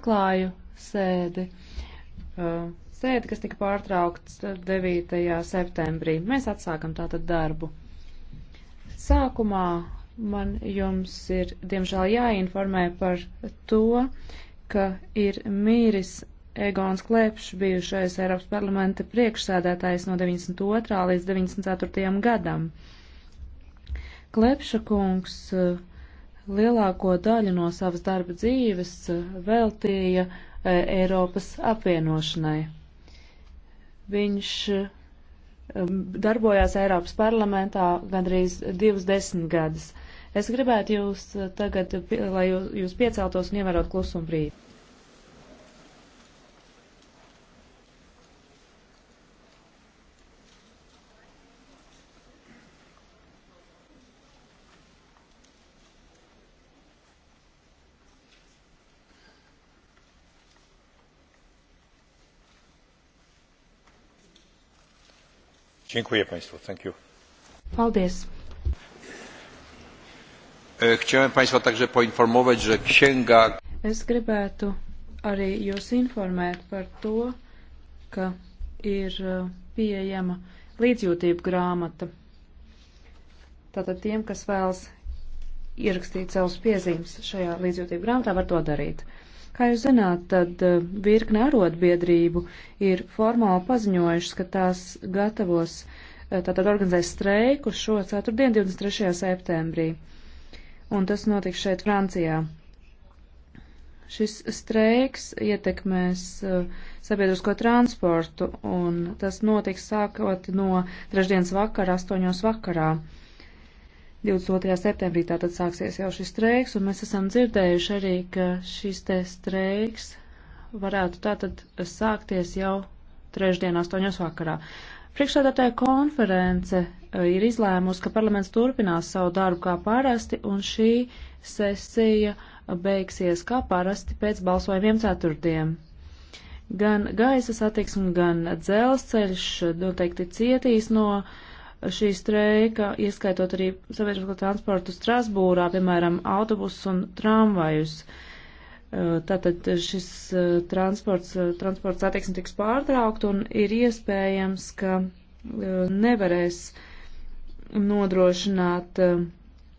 atklāju sēdi. Uh, sēdi, kas tika pārtraukts 9. septembrī. Mēs atsākam tātad darbu. Sākumā man jums ir, diemžēl, jāinformē par to, ka ir mīris Egons Klepš, bijušais Eiropas parlamenta priekšsēdētājs no 92. līdz 94. gadam. Klepša kungs uh, lielāko daļu no savas darba dzīves eh, veltīja eh, Eiropas apvienošanai. Viņš eh, darbojās Eiropas parlamentā gandrīz divas desmitgadus. Es gribētu jūs tagad, lai jūs, jūs pieceltos un ievērot klusumu brīdi. Dziękuję Państwu. Thank you. Paldies. E, chciałem Państwa także poinformować, że księga. Es gribētu arī jūs informēt par to, ka ir e, pieejama līdzjūtība grāmata. Tātad tiem, kas vēlas ierakstīt savus piezīmes šajā līdzjūtību grāmatā, var to darīt. Kā jūs zināt, tad eh, virkne arotbiedrību ir formāli paziņojušas, ka tās gatavos, eh, tātad organizēs streiku šo ceturtdien, 23. septembrī. Un tas notiks šeit Francijā. Šis streiks ietekmēs eh, sabiedrisko transportu, un tas notiks sākot no trešdienas vakara, astoņos vakarā. 8. vakarā 22. septembrī tātad sāksies jau šis streiks, un mēs esam dzirdējuši arī, ka šis te streiks varētu tātad sākties jau trešdien, 8. vakarā. Priekšsēdētāja konference e, ir izlēmusi, ka parlaments turpinās savu darbu kā parasti, un šī sesija beigsies kā parasti pēc balsojumiem ceturtdiem. Gan gaisa satiksme, gan dzelzceļš noteikti cietīs no uh, šī streika, ieskaitot arī sabiedrisko transportu Strasbūrā, piemēram, autobusus un tramvajus. Uh, tātad šis uh, transports, uh, transports attieksme tiks pārtraukt un ir iespējams, ka nevarēs nodrošināt uh,